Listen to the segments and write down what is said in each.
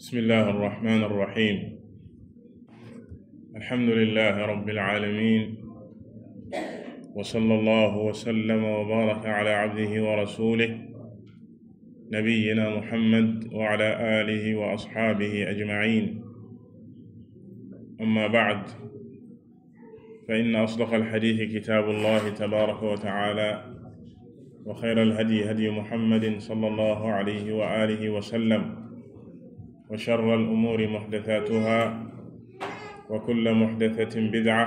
bismillah arrahman arrahim alhamdulillah rabbil alamin wa sallallahu wa sallama wa baraka ala abdihi wa rasulih nabiyina muhammad wa ala alihi wa asxaabihi ajmaciin amma bacd fa inna asdaqa alxadiisi kitaabu llahi tabaaraka wa tacaala wa xayra alhadyi hadyu muhammadin sallallaahu alayhi wa aalihi wa sallam wa charra al umuuri muxdasatuha wa kulla muxdasatin bidca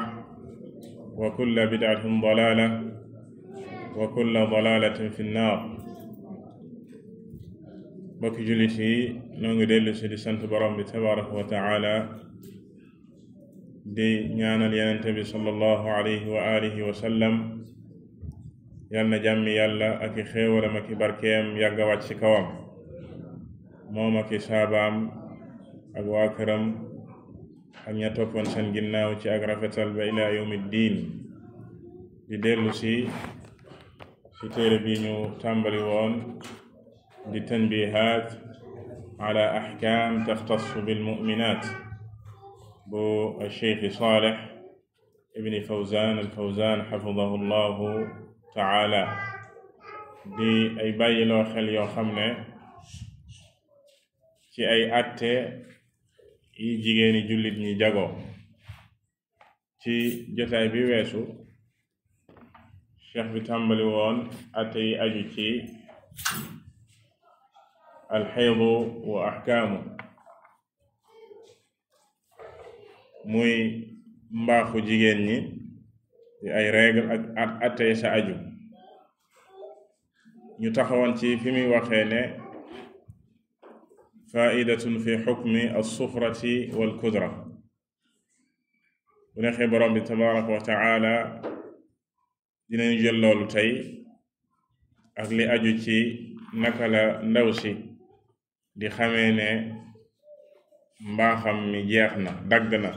wa kulla bidcatin dalaala wa kulla dalaalatin fi nnaar mbokki jullit yi noo ngi dellu si di sant borom bi tabaraka wa taala di ñaanal yenente bi sallallahu alayhi wa alihi wa sallam yal na jàmmi yàlla ak i xéewalam ak i barkeem yàgg a wàcc ci kawam moom ak i saabaam ak waa këram ak ña ginnaaw ci ak rafetal ba ilaa yawmi diin di si ci téere bi ñu di tanbihaat ala axkaam taxtassu bilmuminat bu cheikh Saalih ibni Fawzaan al-Fawzaan xafidahu llahu taala di ay bàyyiloo xel yoo xam ne ci ay atte yi jigéeni julit ñi jago ci jotaay bi weesu cheikh bi tàmbali woon atte yi aju ci alxaydu wa axkaamu muy mbaaxu jigéen ñi di ay règle ak at atte aju ñu taxawoon ci fi muy waxee faaidatun fi xukmi alsufrati walkudra bu ne borom bi tabaraka wa taala dinañu jël loolu tey ak li aju ci naka la ndaw si di xamee ne mbaaxam mi jeex dagg na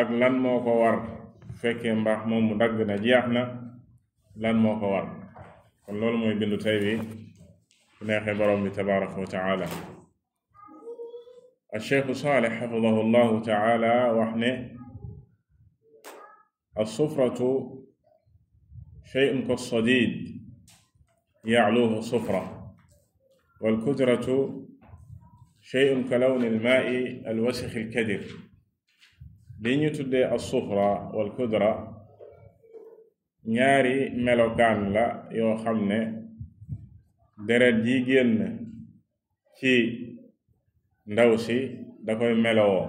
ak lan moo ko war fekkee mbaax moomu dagg na jeex na lan moo ko war kon loolu mooy bindu tey bi bu neexee borom bi tabaraka wa taala alcheikhu saalex xafidahu llahu taala wax ne alsufratu sheyun kalsadid yacluuhu sufra walkudratu sheyun ka lawni almaai alwasix alkadir li ñu tuddee alsufra walkudra ñaari melokaan la yoo xam ne deret ji génn ci ndaw si da koy melowoo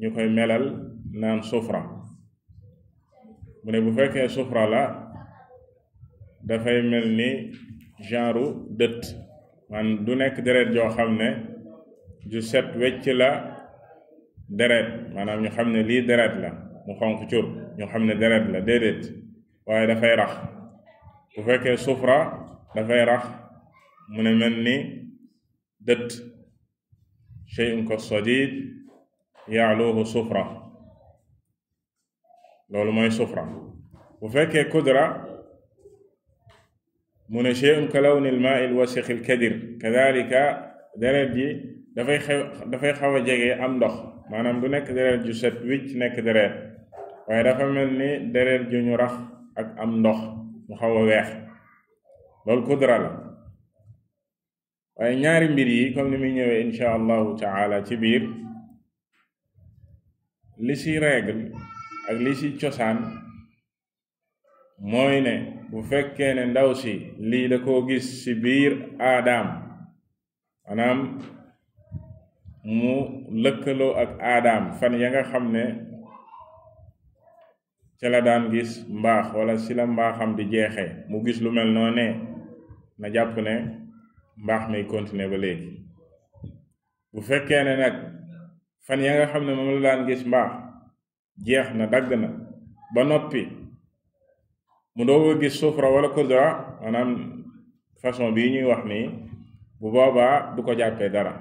ñu koy melal naan sufra mu ne bu fekkee sufra la dafay mel ni genre dëtt man du nekk deret joo xam ne ju set wecc la deret maanaam ñu xam ne lii deret la mu xonq cur ñu xam ne deret la déedéet waaye dafay rax bu fekkee sufra dafay rax mu ne mel ni dët shay'un ka sadid yaaluhu sufra loolu mooy sufra bu fekkee kudra mu ne shay'un ka lawni al maai al wasiq al kadir kadalika deret ji dafay xew dafay xaw a jege am ndox maanaam bu nekk deret ju set wicc nekk deret waaye dafa mel ni deret ju ñu rax ak am ndox mu xaw a weex loolu kudra la waaye ñaari mbir yi comme ni muy ñëwee insha allahu taala ci biir li ci règle ak li ci cosaan mooy ne bu fekkee ne ndaw si lii da koo gis ci biir aadaam maanaam mu lëkkaloo ak aadaam fan ya nga xam ne ci la daan gis mbaax wala si la mbaaxam di jeexe mu gis lu mel noonee na jàpp ne mbaax may continuer ba léegi bu fekkee ne nag fan ya nga xam ne moom la daan gis mbaax jeex na dagg na ba noppi mu doog a gis sufra wala kudra maanaam façon bii ñuy wax ni bu boobaa du ko jàppee dara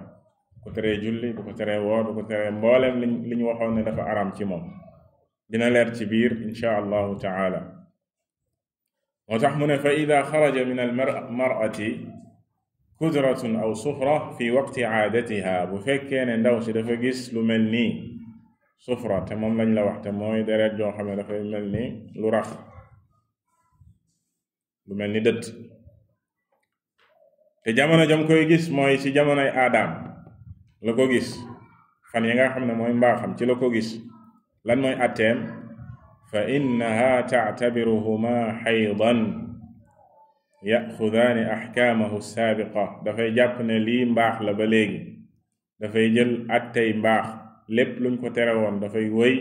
bu ko teree julli bu ko teree woor bu ko teree mboolem liñ li ñu waxoon ne dafa aram ci moom dina leer ci biir incha allahu ta'ala. moo tax mu ne fa ida xaraja min almarati kudratun aw sufra fi waqti caadatiha bu fekkee ne ndaw si dafa gis lu mel ni sufra te moom lañ la wax te mooy deret joo xam ne dafay mel ni lu rax lu mel ni dët te jamono jam koy gis mooy ci jamonoy aadaam la ko gis fan yi nga xam ne mooy mbaaxam ci la ko gis lan mooy atteem fa innaha taatabiruhuma xaydan yaxudaani axkaamahu saabiqa dafay jàpp ne lii mbaax la ba léegi dafay jël attey mbaax lépp luñ ko tere woon dafay wëy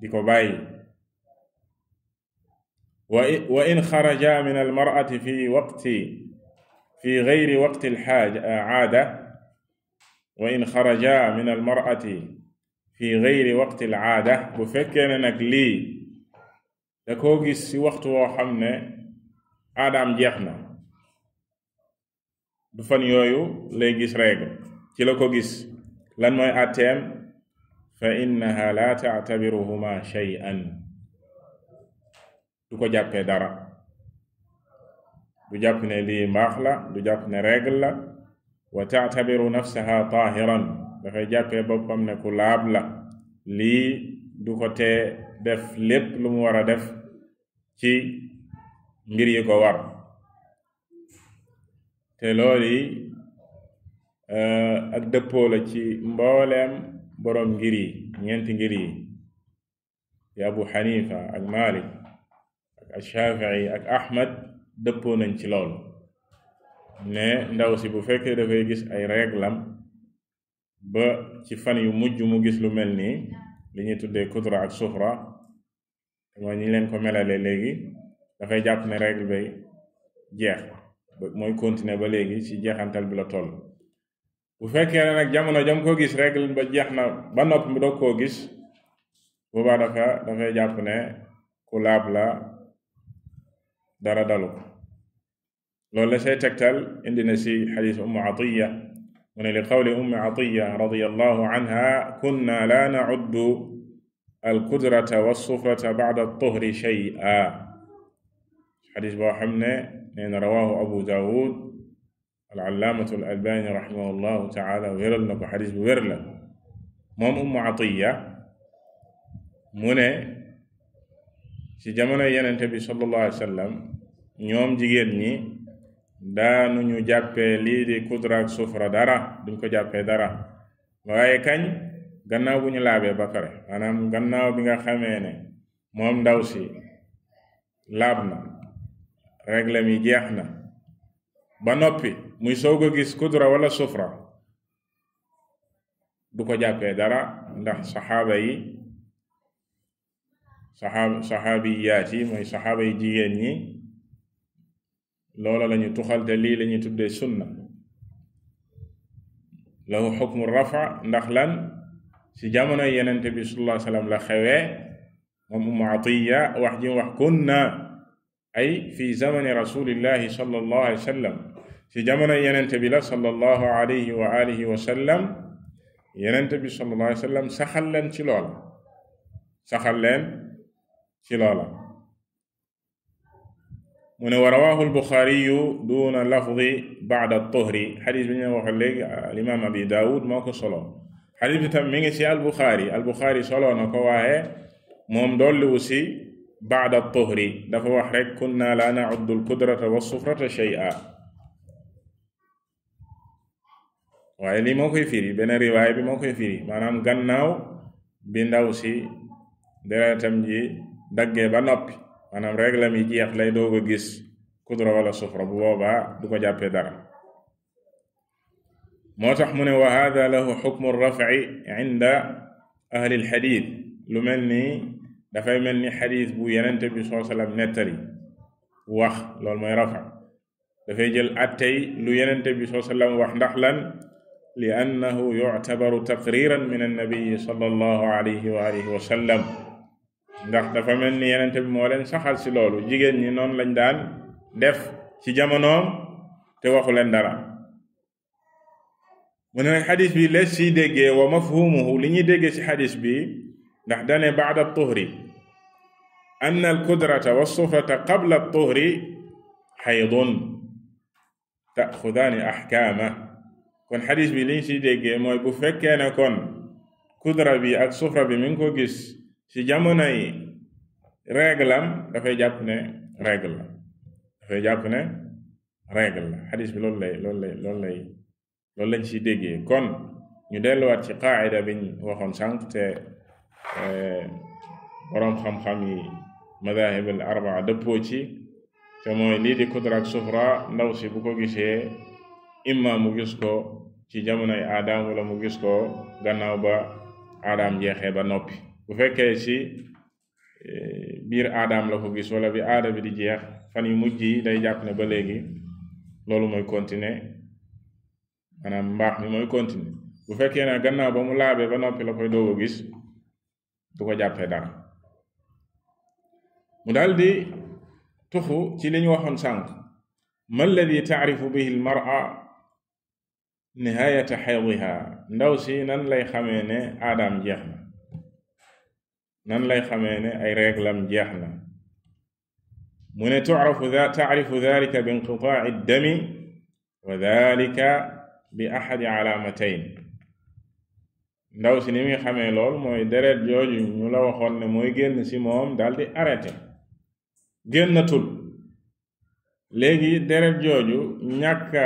di ko bàyyi wa in xaraja min almarati fi waqti fi gayri waqti alxaaja aada wa in xaraja min almarati fi gayri waqtil aada bu fekkee ne nag lii da koo gis ci waxtu woo xam ne aadaam jeex na du fan yooyu lay gis règle ci la ko gis lan moy àtteem fa innaha la taatabiruhuma shay'an du ko jàppee dara du jàpp ne lii mbaax la du jàpp ne règle wa taatabiru nafsaha tahiran dafay jàppee boppam ne ku laab la lii du kote def lépp lu mu war a def ci mbir yi ko war te loolu yi eh, ak dëppoo la ci mbooleem boroom ngir yi ñeenti ngir yi di abu xanifa ak malik ak ashafii ak ahmad dëppoo nañ ci loolu ne ndaw si bu fekkee dafay gis ay réglam ba ci fan yu mujj mu gis lu mel nii li ñuy tuddee kutura ak sufra mooy ñi leen ko melale léegi dafay jàpp ne règle bay jeex mooy continuer ba léegi ci jeexantal bi la toll bu fekkee ne nag jamono jam ko gis règle ba jeex na ba noppi mu doog koo gis boobaa dafa dafay jàpp ne ku laab la dara dalu ko loolu la tegtal indi na si xadis Ummu Atiya mu ne li qawli ummi atiya radiyallahu anha kunna la na'uddu alqudrata walsufrata ba'da altuhri shay'a xadis boo xam ne nee na rawahu abu dawud alallaamatu alalbani raximahu llahu taala wéral na ko xadis bu wér la moom ummu atiya mu ne ci jamono yenente bi sallallahu alayhi wa sallam ñoom jigéen ñi da jàppee lii di kudra ak dara duñ ko jàppee dara waaye kañ gannaaw bu ñu laabee ba pare maanaam gannaaw bi nga xamee ne moom ndaw si laab na regle mi jeex na ba noppi muy soog a gis kudra wala soufra du ko jàppee dara ndax saxaaba yi saxaab saxaabiyaat yi mooy saxaaba yi loola lañu tuxal te lii lañuy tuddee sunna lahu xukmu rafa ndax lan ci jamono yenente wasallam la xewee moom umu atiya wax ji wax kunna ay fi zamani rasulillahi sallallahu alayhi wasallam ci jamono yenente bi la sallallahu alayhi wa wasallam yenente bi sallallahu saxal leen ci loola saxal leen ci loola mu ne wa rawahu albuxaariyu duna lafdi bada tuhri xadis bi ñu wax léegi alimam abi daawud moo ko solo xadis bi tam mi ngi ci albuxaari albuxaari solo na ko waaye moom dolliwu si bada tuhri dafa wax rek kunna la nacuddu alqudrata walsufrata shay'a waaye lii moo koy firi benn riwaay bi moo koy firi maanaam gannaaw bi ndaw si deretam ji daggee ba noppi maanaam réglam yi jeex lay doog gis kudra wala sufra bu booba du ko jàppee dara moo tax mu ne wa hada lahu xukmu rafi inda ahli alxadit lu mel ni dafay mel ni xadis bu yenente bi soo wax loolu mooy rafa dafay jël attey lu yenente bi soo salaam wax ndax lan li annahu yuctabaru taqriran min annabiyi sallallahu alayhi wa alihi wa sallam ndax dafa mel ni yenente bi moo leen saxal si loolu jigéen ñi noonu lañ daan def ci jamonoom te waxu leen dara mu ne nag xadis bi lees ciy déggee wa mafhumuhu li ñuy déggee ci xadis bi ndax dane baada tuhri an alqudrata walsufrata qabla tuhri xaydun a axkaama kon xadis bi li ñu ciy déggee mooy bu fekkee ne kon kudra bi ak sufra bi mi ngi ko gis ci jamonoy règle am dafay jàpp ne règle la dafay jàpp ne règle xadis bi loolu lay loolu lay loolu lay loolu lañ si déggee kon ñu delluwaat ci qaida biñ waxoon sànq te eh, boroom xam-xam yi madahib al arbaa dëppoo ci te mooy lii di kudrak sufra ndaw si bu ko gisee imma mu gis ko ci jamonoy aadaam wala mu gis ko gannaaw ba aadaam jeexee ba noppi bu fekkee ci e, biir aadaam la ko gis wala bi aada bi di jeex fan yu mujj yi day jàpp ba léegi loolu mooy continuer maanaam mbaax mi mooy continuer bu fekkee ne gannaaw ba mu laabee ba noppi la koy doog a gis du ko jàppee dara mu daal di tuxu ci li ñu waxoon sànq ma alladi taarifu bihi al mara nihayata xaydiha ndaw si nan lay xamee ne aadaam jeex na nan lay xamee ne ay réglam jeex na mu ne tu'rafu taarifu dalika bi inqitaa'i dami wa dalika bi ahadi alaamatayn ndaw si ni muy xamee lool mooy deret jooju ñu la waxoon ne mooy génn si moom daldi arrêté génnatul léegi deret jooju ñàkka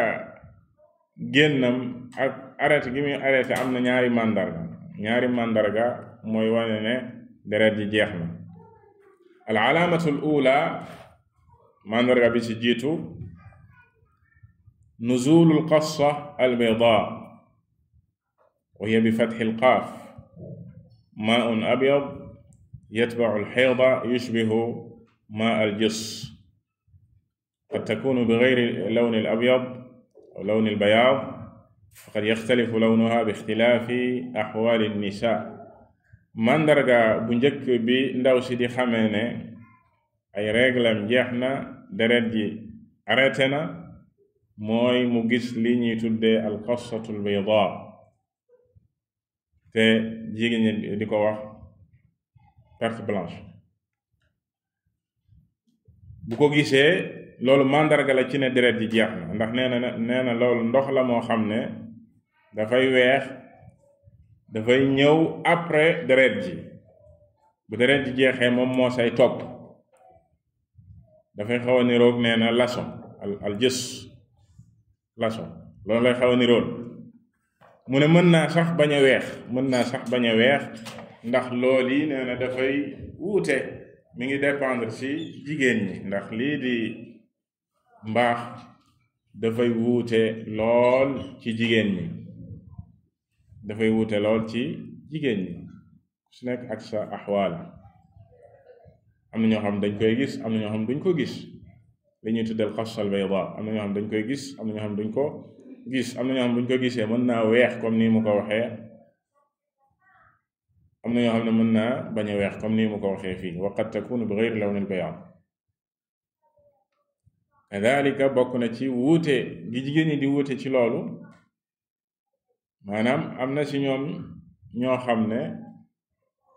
génnam ak arrêté gi muy arrêté am na ñaari màndarga ñaari màndarga mooy wane ne deret ji jeex na al alaamatul ula mandarga bi ci jiitu nuzulul qassa al bayda wa hiya bi fathi al qaaf maaun abyad yatbacu al xayda yushbihu maa al jis qad takunu bi gayri lawni al abyad aw lawni al bayaad faqad yaxtalifu lawnuha bi ixtilaafi axwaali nnisaa mandarga bu njëkk bi ndaw si di xamee ne ay réglam jeex na deret ji arrêté na mooy mu gis li ñuy tuddee alqassatu albayda te jigéen ñi di ko wax perte blanche bu ko gisee loolu mandarga la ci ne deret ji jeex na ndax nee na nee na loolu ndox la moo xam ne dafay weex dafay ñëw après deret ji bu deret ji jeexee moom moo say toog dafay xaw a niroog nee na laçon al al jës laso loolu lay xaw a niroon mu ne mën naa sax bañ a weex mën naa sax bañ a weex ndax lool yi nee na dafay wuute mi ngi dépendre si jigéen ñi ndax lii di mbaax dafay wuute lool ci jigéen ñi dafay wuute lool ci jigéen ñi su nekk ak sa axwaal am na ñoo xam dañ koy gis am na ñoo xam duñ ko gis li ñuy tuddal xasal bayda am na ñoo xam dañ koy gis am na ñoo xam duñ ko gis am na ñoo xam ko gisee mën naa weex comme ni mu ko waxee am na ñoo xam ne mën naa bañ weex comme ni mu ko waxee fii wa qad takunu bi gayri lawnil bayaad kadalika bokk na ci wuute gi jigéen ñi di wuute ci loolu maanaam am na ci ñoom ñoo xam ne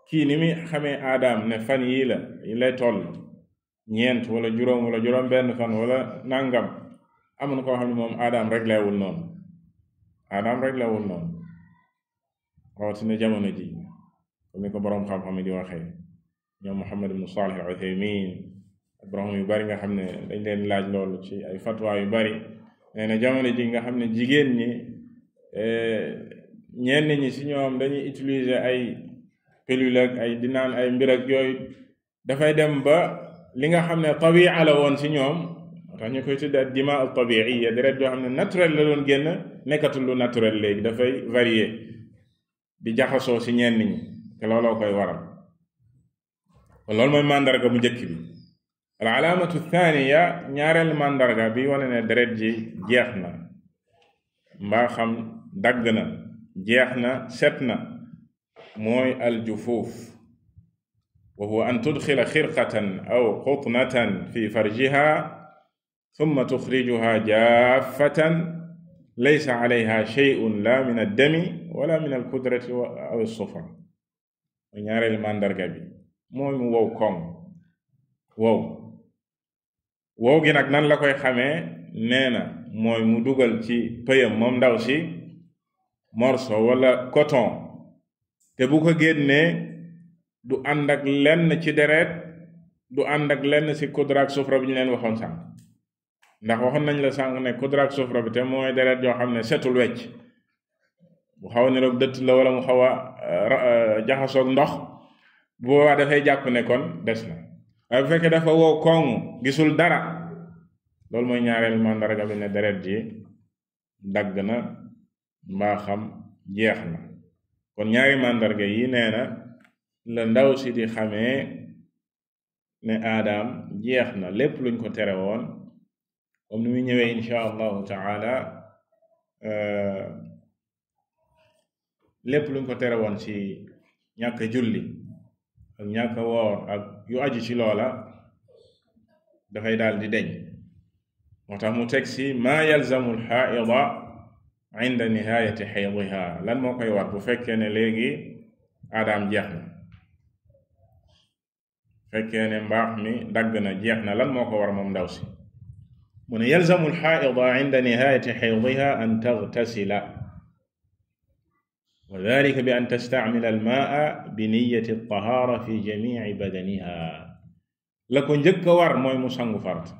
kii ni muy xamee aadaam ne fan yii la yi lay toll ñeent wala juróom wala juróom benn fan wala nangam am na koo xam ne moom aadaam rek leewul noonu adam rek leewul noonu rawatina jamono ji comme ni ko boroom xam-xam yi di waxee ñoom Muhammad ibnu al Uthaymin ak yu bari nga xam ne dañ leen laaj loolu ci ay fatwa yu bari nee na jamono ji nga xam ne jigéen ñi Eh, ñenn ñi si ñoom dañuy utiliser ay pilule ak ay dinaan ay mbir ak yooyu dafay dem ba li nga xam ne tabia la woon si ñoom tax ñu koy tudd ak dima al tabiiya deret yoo xam ne naturel la doon génn nekkatul lu naturel léegi dafay varier di jaxasoo si ñenn ñi te looloo koy waral loolu mooy màndarga mu njëkk bi al alaamatu thaniya ñaareel màndarga bi wane ne deret ji jeex na mbaa xam dagg na jeex na set na mooy aljufuuf wa huwa an tudxila xirqatan aw xutnatan fi farjiha summa tuxrijuha jaafatan laysa alayha sheyun la min addami wala min alqudrati aw sufa mu ñaareelu màndarga bi mooy mu wow koŋ wow gi nag nan la koy xamee nee na mooy mu dugal ci pëyam moom ndaw si morceau wala coton te bu ko génnee du ànd ak lenn ci deret du ànd ak lenn ci kudra ak sufra bi leen waxoon sànq ndax waxoon nañ la sànq ne kudra ak sufra bi te mooy deret yoo xam ne seetul wecc bu xaw a niroog dëtt la wala mu xaw a euh, jaxasoog ndox bu boobaa dafay jàpp ne kon des na waaye fekkee dafa wow koŋ gisul dara loolu mooy ñaareel mandarga bi ne deret ji dagg na mbaa xam jeex na kon ñaari màndarga yi nee na la ndaw si xame xamee ne aadaam jeex na lépp luñ ko tere woon comme ni muy ñëwee insha allahu taala euh, lépp luñ ko tere woon ci ñàkk julli ak ñàkk woor ak yu aju ci loola dafay daal di deñ moo mu teg ma yalzamu alxaida inda nihayati xaydiha lan moo koy war bu fekkee ne léegi aadaam jeex na fekkee ne mbaax mi dagg na jeex na lan moo ko war moom ndaw si mu ne yalzamu alxaida inda nihayati xaydiha an taghtasila wa dalika bi an tastacmila almaa bi niyati altahara fi jamici badaniha la ko njëkk a war mooy mu sangu farata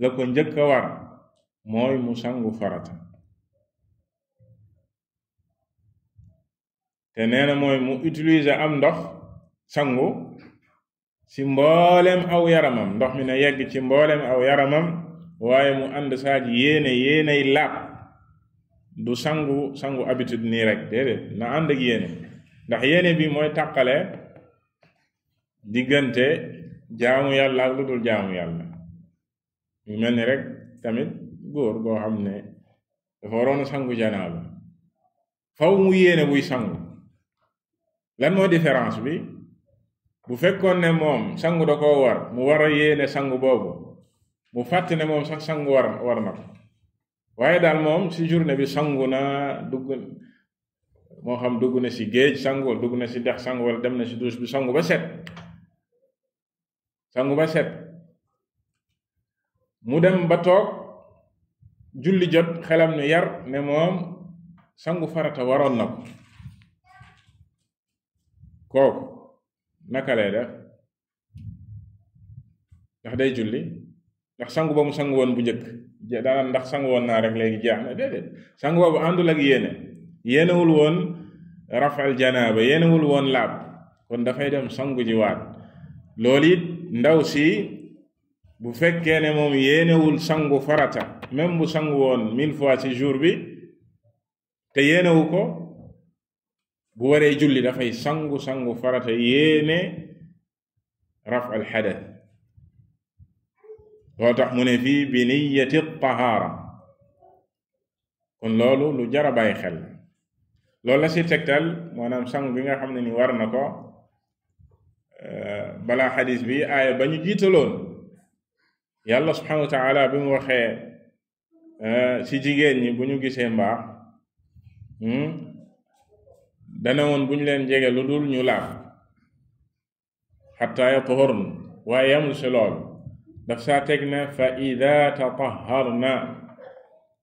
la ko njëkk a war mooy mu sangu farata te nee na mooy mu utiliser am ndox sangu ci mbooleem aw yaramam ndox mi na yegg ci mbooleem aw yaramam waaye mu ànd saaj yéene yéeney laab du sangu sangu habitude nii rek déedéet na ànd ak ndax yéene bi mooy tàqale diggante jaamu yàlla lu dul jaamu yàlla yu mel ni rek tamit góor goo xam ne dafa waroon sangu janaaba faw mu yéene buy sangu lan moo différence bi bu fekkoon ne moom sangu da koo war mu war a yéene sangu boobu mu fàtte ne moom sax sangu war war na ko waaye daal moom si journée bi sangu na dugg moo xam dugg na si géej sangu wala dugg na si dex sangu wala dem na si douche bi sangu ba set sangu ba set mu dem ba toog julli jot xelam nu yar ne moom sangu farata waroon na ko kooku naka lay def ndax day julli ndax sangu ba mu sangu woon bu njëkk daanaka ndax sangu woon naa rek léegi jeex na déedéet àndul ak yéene yéenewul woon rafal janaaba yéenewul woon laab kon dafay dem sangu ji waat loolu it ndaw si bu fekkee ne moom yéenewul sangu farata même bu sangu woon mille fois ci jour bi te yéenewu ko bu waree julli dafay sangu sangu farata yéene raf al xadath tax mu ne fii bi niyati tahaara kon loolu lu jara bàyyi xel loolu la si tegtal maanaam sangu bi nga xam ne ni war na ko euh, balaa xadis bi aaya ba ñu jiitaloon yàlla subhanahu wa taala bi mu waxee euh, si jigéen ñi bu ñu gisee mbaax hmm, dana woon bu ñu leen jege lu dul ñu laab xataa yatahurn waaye yamul si lool daf saa teg na fa ida tataharna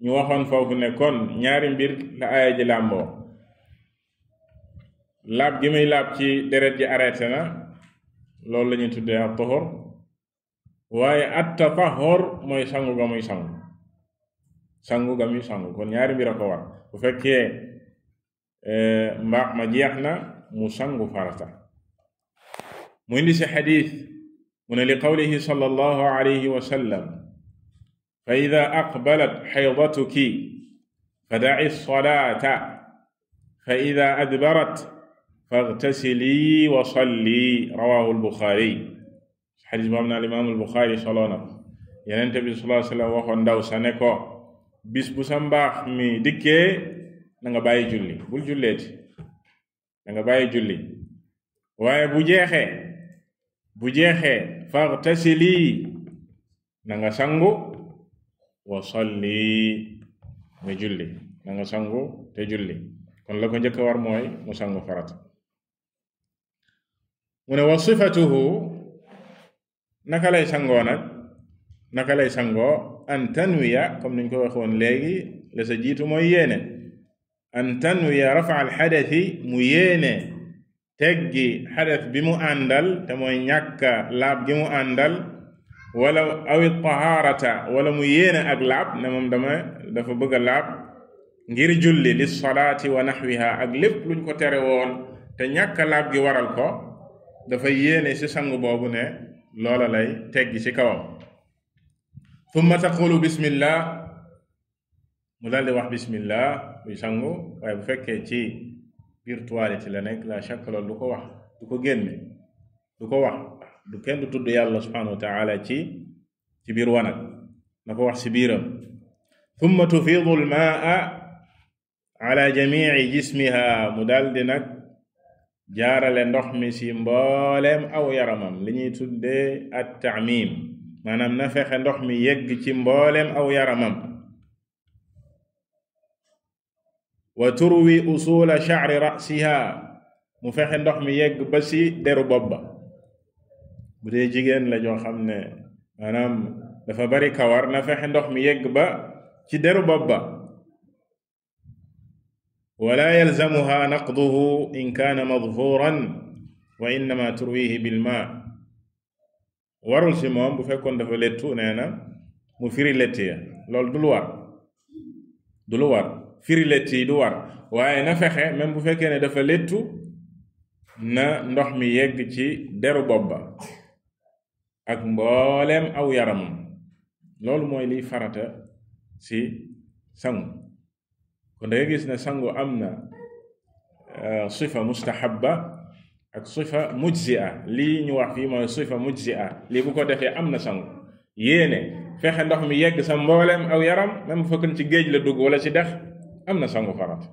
ñu waxoon foofu ne kon ñaari mbir la aaya ji làmboo laab gi muy laab ci deret ji arrêté na loolu lañu ñuy tuddee ak tahur waaye at tatahur mooy sangu ga sangu sangu ga sangu kon ñaari mbir a ko war bu fekkee Eh, mbaax ma jeex na mu sangu farata mu indi si xadis mu ne li qawlihi sallallahu alayhi wa sallam fa ida aqbalat xaydatuki fa daci salaata fa ida adbarat faghtasili wa salli rawahu albuxaari xadis boobu na alimaam albuxaari soloo na yenente bi sallallahu alayhi wa sallam waxoon ndaw sa ne ko bis bu sa mbaax mi dikkee na nga bàyyi julli bul julleeti na nga bàyyi julli waaye bu jeexee bu jeexee fartasili na nga sangu wa salli nga julli na sangu te julli kon la ko njëkk war mooy mu sangu farat mu ne wa naka lay sangoo nag naka lay sangoo an tanwiya comme niñ ko waxoon léegi la sa jiitu mooy yéene an tanwiya rafa al xadasi mu yéene teggi xadas bi mu àndal te mooy ñàkka laab gi mu àndal wala awi taharata wala mu yéene ak laab ne moom dama dafa bëgg a laab ngir julli li salaati wa naxwiha ak lépp luñ ko tere woon te ñàkka laab gi waral ko dafa yéene ci sangu boobu ne loola lay teggi ci kawam thumma taqulu bismillah mu daal di wax bismillah buy sangu waaye bu fekkee ci biir la nekk la chaque du ko wax du ko génne du ko wax du kenn du tudd yàlla subhanahu wa taala ci ci biir wanag na ko wax si biiram thumma tufiidu almaa ala jismiha mu daldi nag jaarale ndox mi si mbooleem aw yaramam li ñuy tuddee at taamim maanaam na fexe ndox mi yegg ci mbooleem aw yaramam wa turwi usula sha'ri ra'siha mu fexe ndox mi yegg ba si deru bopp ba bu jigéen la joo xam ne maanaam dafa bari kawar na fexe ndox mi yegg ba ci deru bopp ba wala yalzamuha naqduhu in kaana madfuran wa innama turwihi bilma warul si moom bu fekkoon dafa lettu nee na mu firi letti ya loolu du firi yi du war waaye na fexe même bu fekkee ne dafa lettu na ndox mi yegg ci deru bopp ba ak mbooleem aw yaramam loolu mooy liy farata si sangu kon da gis ne sangu am na euh, sifa mustahabba ak sifa mujzia lii ñu wax fii mooy sifa mujzia lii bu ko defee am na sangu yéene fexe ndox mi yegg sa mbooleem aw yaram même bu fekkoon ci géej la dugg walla ci dex am na sangu farata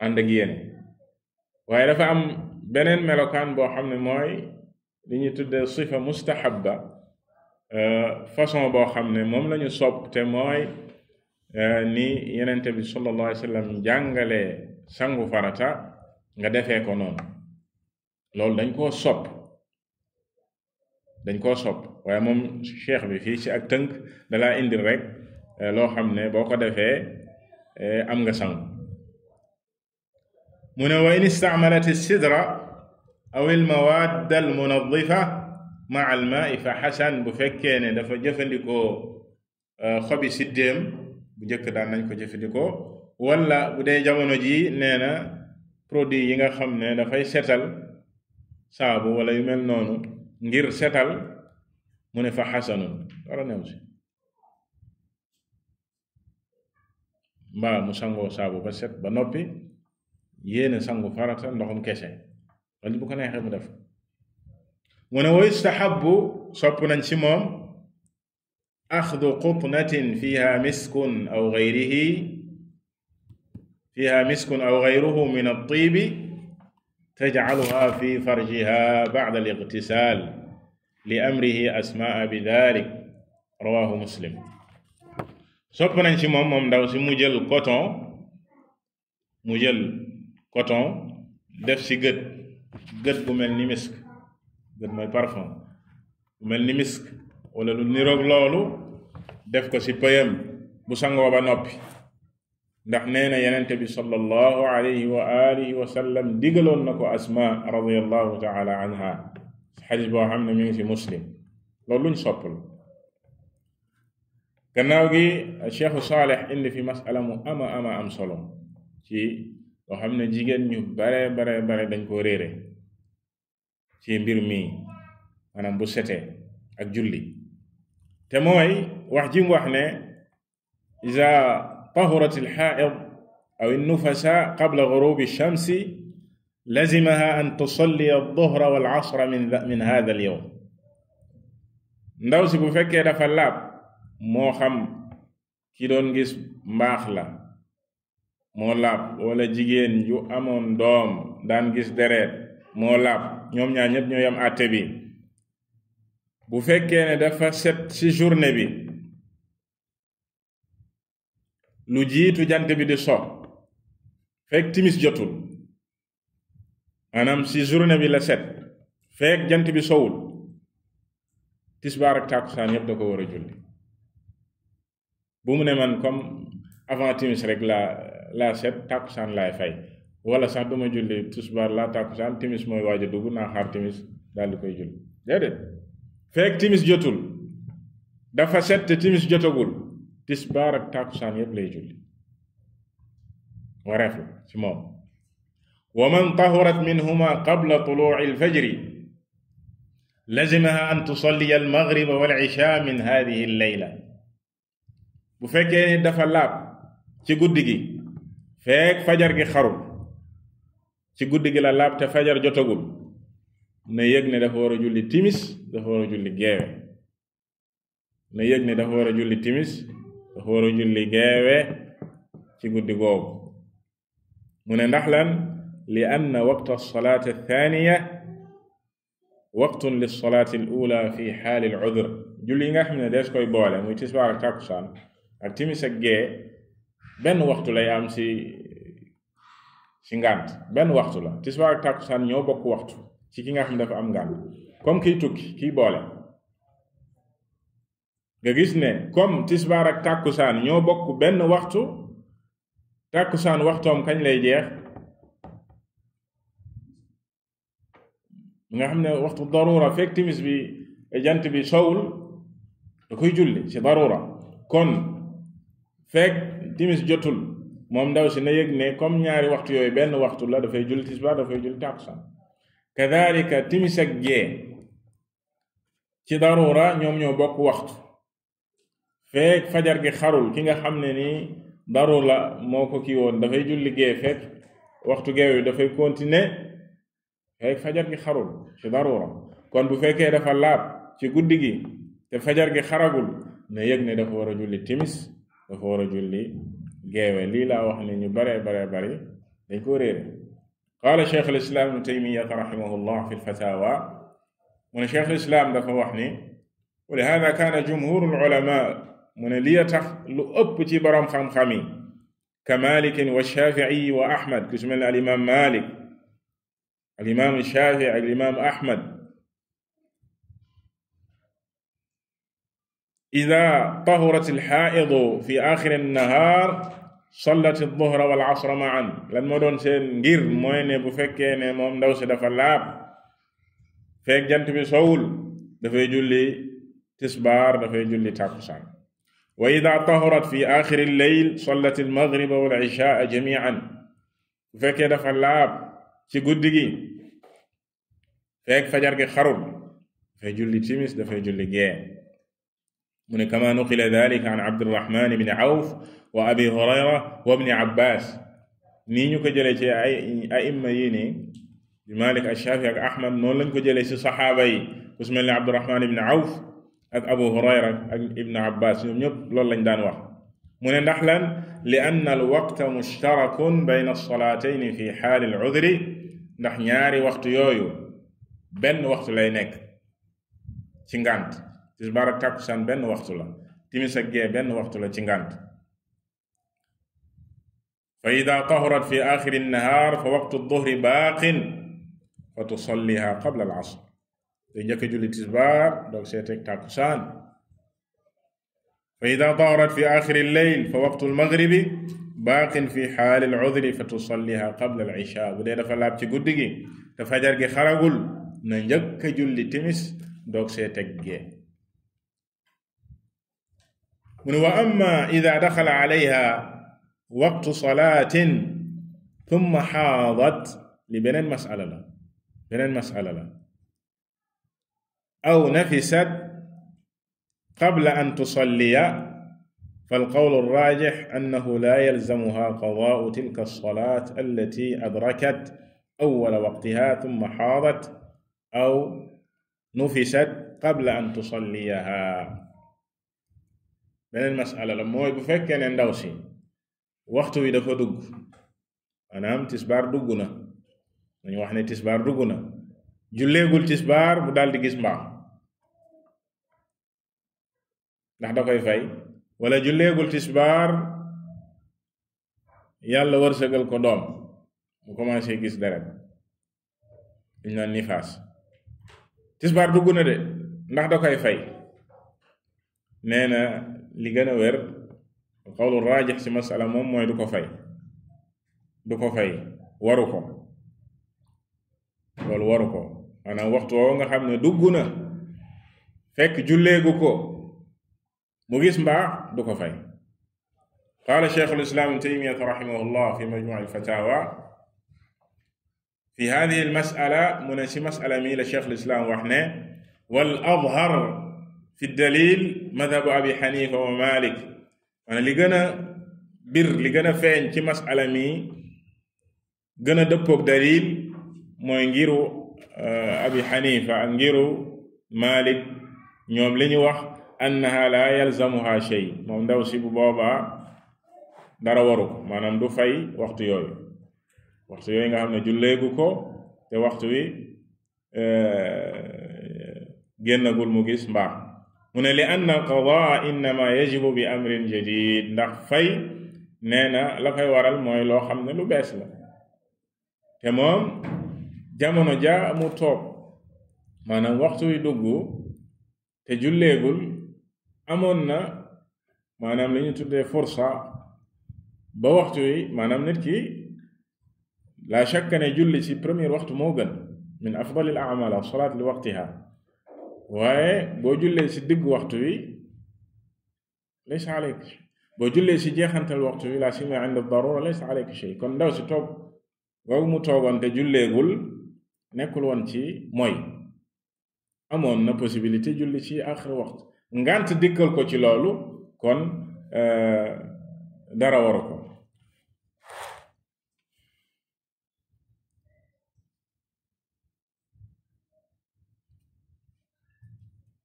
ànd ak yéene waaye dafa am beneen melokaan boo xam ne mooy li ñu tuddee sifa mustahabba euh, façon boo xam ne moom lañu sop sopp te mooy euh, ni yenente bi sallallahu alayhi wa jàngalee sangu farata nga defe ko noonu loolu dañ koo sop dañ koo sopp waaye moom cheikh bi fii si ak tënk dalaa indil rek euh, loo xam ne boo ko defee Eh, am nga sangu mu ne wa in istacmalat sidra aw al mawaad al munadifa maa al maai fa xasan bu fekkee ne dafa jëfandikoo eh, xobi siddéem bu njëkk daan nañ ko jëfandikoo wala bu dee jamono ji nee na produit yi nga xam ne dafay setal saabu wala yu mel noonu ngir setal mu ne fa xasanun dara new mbaa mu sangoo saabu ba set ba noppi yéene sangu farata ndoxum kese loolu bu ko neexee mu def mu ne wa yustahabu sopp nañ ci moom axdu qutnatin fiha miskun aw gayrihi fiha miskun aw gayruhu min altibi tajcaluha fi farjiha bacda aliqtisaal li amrihi asmaa bi dalik rawahu muslim sopp nañ ci moom moom ndaw si mu jël coton mu jël coton def ci gët gët bu mel ni misk gët mooy parfum bu mel ni misk wala lu niroog loolu def ko ci pëyam bu sangoo ba noppi ndax nee na yenente bi sallallahu alayhi wa alihi wa sallam digaloon na ko asma radiyallahu taala anha xadis boo xam ne mi ngi ci muslim loolu luñ sopp gannaaw gi cheikhu saalex indi fi masala mu ama ama am solo ci loo xam ne jigéen ñu bare bare bare dañ koo réere ci mbir mi anam bu setee ak julli te mooy wax ji wax ne iza tahurat al xaaid aw nufasa qabla gurubi shamsi lazimaha an tusalli ad-duhra wal asra min hada al ndaw si bu fekkee dafa laab moo xam ki doon gis mbaax la moo laab wala jigéen ju amoon doom daan gis deret moo laab ñoom ñaar ñëpp ñoo yam àtte bi bu fekkee ne dafa set ci journée bi lu jiitu jant bi di so fekk timis jotul maanaam ci journée bi la set fekk jant bi sowul tisbaar ak tàkkusaan da ko war julli bu mu ne man comme avant timis rek la laa set tàkkusaan laay fay wala sax duma julli tisbaar laa tàkkusaan timis mooy waaj a dugg timis daal di koy julli déedéet timis jotul dafa set timis jotagul tisbaar ak tàkkusaan yépp lay julli wareef la ci moom wa man tahurat minhuma qabla tuluci alfajri lazimaha an tusalliya almagriba wal isha min hadihi bu fekkee ni dafa laab ci guddi gi feek fajar gi xarul ci guddi gi la laab te fajar jotagul na yëg ne dafa war a julli timis dafa war a julli geewe na yëg ne dafa war a julli timis dafa war a julli geewe ci guddi googu mu ne ndax lan li anna waqta alsalaati althaniya waqtun li al ula fi xaali al udr julli yi nga xam ne dees koy boole muy tisbaar ak takkusaan ak timis ak gee benn waxtu lay am ci si benn waxtu la tisbaar ak tàkkusaan ñoo bokk waxtu ci ki nga xam ne dafa am ngànt comme kiy tukki kiy boole nga gis ne comme tisbaar ak tàkkusaan ñoo bokk benn waxtu tàkkusaan waxtoom kañ lay jeex nga xam ne waxtu darura fekk timis bi jant bi sowul da koy julli si darura kon fekk timis jotul moom ndaw si na yëg ne comme ñaari waxtu yooyu benn waxtu la dafay julli tisbaar dafay julli tàkkusaan kadalika timis ak gee ci darura ñoom ñoo bokk waxtu fekk fajar gi xarul ki nga xam ne nii la moo ko kii woon dafay julli gee fekk waxtu gee wi dafay continuer fekk fajar gi xarul ci darura kon bu fekkee dafa laab ci guddi gi te fajar gi xaragul na yëg ne dafa war a julli timis dafa war a julli geewe lii laa wax ne ñu baree baree bari dañ ko réere qaala cheikh alislaam ibnu taymiyata raximahullah fi lfatawa mu ne cheikh alislaam dafa wax ni wa lihaada kaana jumhuru lulama mu ne lii tax lu ëpp ci boroom xam-xam yi ka malikin wa shaafi'i wa ahmad ku su mel ne alimaam malik alimaam shaafi ak alimaam ahmad ida tahurat alxaaidu fi axiri nahaar sallat duhra wal asra maan lan moo doon seen ngir mooy ne bu fekkee ne moom ndaw si dafa laab feek jant bi sowul dafay julli tisbaar dafay julli tàkkusaan wa ida tahurat fi axiri lleyl sallat almagriba wal ishaa jamian bu fekkee dafa laab ci guddi gi feek fajar gi xarul dafay julli timis dafay julli gee mu ne kama nuqila dalika an abdirahman ibni awf wa abi hurayra wa ibni abbas nii ñu ko jëlee ci ay aima yi ni bi malik ashaafi ak ahmad noonu lañ ko jëlee si saxaaba yi ku su mel ne abdirahman ibni awf ak abu hurayra ak ibni abbas ñoom ñëpp loolu lañ daan wax mu ne ndax lan li ann alwaqta mushtarakun bayn alsalaatayn fi xaali alcudri ndax ñaari waxtu yooyu benn waxtu lay nekk ci ngànt tisbaar ak tàkkusaan benn waxtu la timis ak gee benn waxtu la ci ngànt fa ida tahurat fi axiri nnahaar fa waqtu duhri baaqin fa tusalliha qabla al asr day njëkk julli tisbaar doog seeteeg tàkkusaan fa ida tahurat fi axiri lleyl fa waqtu lmagribi baaqin fi xaali alcudri fa tusalliha qabla al isha bu dee dafa laab ci guddi gi te fajar gi xaragul na njëkk julli timis doog seeteeg gee mu ne wa amma ida daxala alayha waqtu salaatin tumma xaadat li beneen masala la beneen masala la aw nafisat qabla an tusalliya فالقول الراجح أنه لا يلزمها قضاء تلك الصلاة التي أدركت أول وقتها ثم حاضت أو نفست قبل أن تصليها beneen masala la mooy bu fekkee ne ndaw si waxtu wi dafa dugg maanaam tisbaar dugg na dañu wax ne tisbaar dugg na julleegul tisbaar bu daal di gis mbaam ndax da koy fay wala julleegul tisbaar yàlla wërsëgal ko doom mu commencé gis deret ñu naan nifaas tisbaar dugg na de ndax da koy fay nee li gën a wér xawlu raajax ci masala moom mooy du ko fay du ko fay waru ko loolu waru ko maanaam waxtu woowu nga xam ne dugg fekk julleegu ko mu gis mbaax du ko fay qaala cheikh lislaam ibn taymiyat rahimahullah fi majmuc alfatawa fi hadihi almasala mu ne ci masala mii la cheikh wax ne wal adhar fi dalil madhabu abi xanifa wa malik maanaam li gën bir li gën a feeñ ci masala mi gën a dëppoog dalil mooy ngiru abi xanifa ak ngiru malik ñoom li ñu wax annaha la yalzamuha shay moom ndaw si bu boobaa dara waru ko du fay waxtu yooyu waxtu yooyu nga xam ne julleegu ko te waxtu wi génnagul mu gis mbaax mu ne li ann al qadaa innama yajibu bi amrin jadid ndax fay nee na la fay waral mooy loo xam ne lu bees la te moom jamono ja mu toog maanaam waxtu wi dugg te julleegul amoon na maanaam li ñu tuddee fursa ba waxtu wi maanaam nit ki la shakka ne julli ci premier waxtu moo gën min afdalil amal salaat li waqtiha waaye boo jullee ci digg waxtu wi laysa aleyk boo jullee ci jeexantal waxtu wi laa sima inda darura laysa aleyk shay kon ndaw si toog googu mu toogoon te julleegul nekkul woon ci mooy amoon na possibilité julli ci axir waxtu ngant dikkal ko ci loolu kon euh, dara waru ko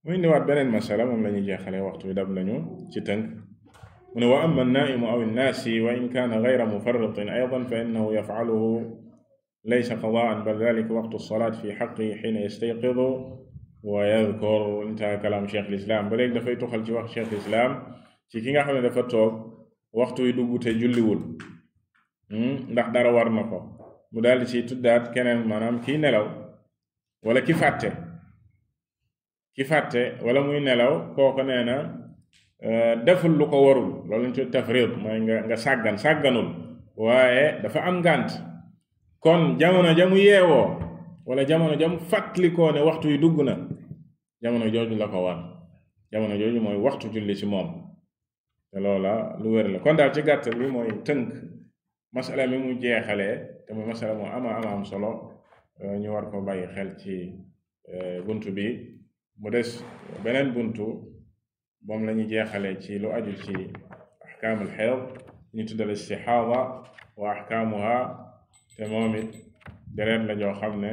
mu indiwaat beneen masala moom la ñuy jeexalee waxtu bi dab nañu ci tënk mu ne wa ama annaimu aw innaasi wa in kaana gayra mufarritin aydan fa innahu yafcaluhu laysa qadaan bal dalika waqtu salaat fi xaqi xiina yastayqidu wa yadkur intaha kalaam cheikh lislaam ba léegi dafay tuxal ci wax cheikh lislaam ci ki nga xam ne dafa toog waxtu wi dugg te julliwul hmm? ndax dara war na ko mu daal di ciy tuddaat keneen maanaam kii nelaw wala ki fàtte ki fàtte wala muy nelaw kooku nee na euh, deful lu ko warul loolu lañ ci tafriid mooy nga nga sàggan sàgganul waaye dafa am ngànt kon jamono ja mu yeewoo wala jamono ja mu fàttalikoo ne waxtu yi dugg na jamono jooju la ko war jamono jooju mooy waxtu julli si moom te loola lu wér la kon daal ci gàttal bi mooy tënk masala mi mu jeexale te muy masala moo ama ama am solo euh, ñu war ko bàyyi xel ci euh, buntu bi mu des beneen buntu moom lañu jeexale jeexalee ci lu aju ci axkaamul xeyd ñu tuddal istixaada wa axkaamuha te moom it deret la joo xam ne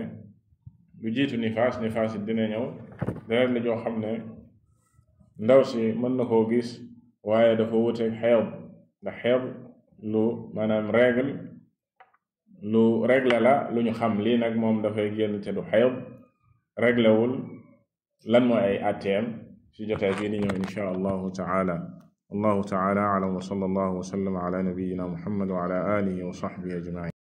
lu jiitu nifaas nifaas it dina ñëw deret la joo xam ne ndaw si mën na koo gis waaye dafa wuteeg xew ndax xeyd lu maanaam règle lu règle la lu ñu xam lii nag moom dafay génn te du xeyd règlewul lan mooy ay atteem ci jotaay bii di ñëw insha allahu taala allahu taala alam wa sallallahu wa sallama ala nabiyina muhammad wa ala alihi wa sahbihi ajmain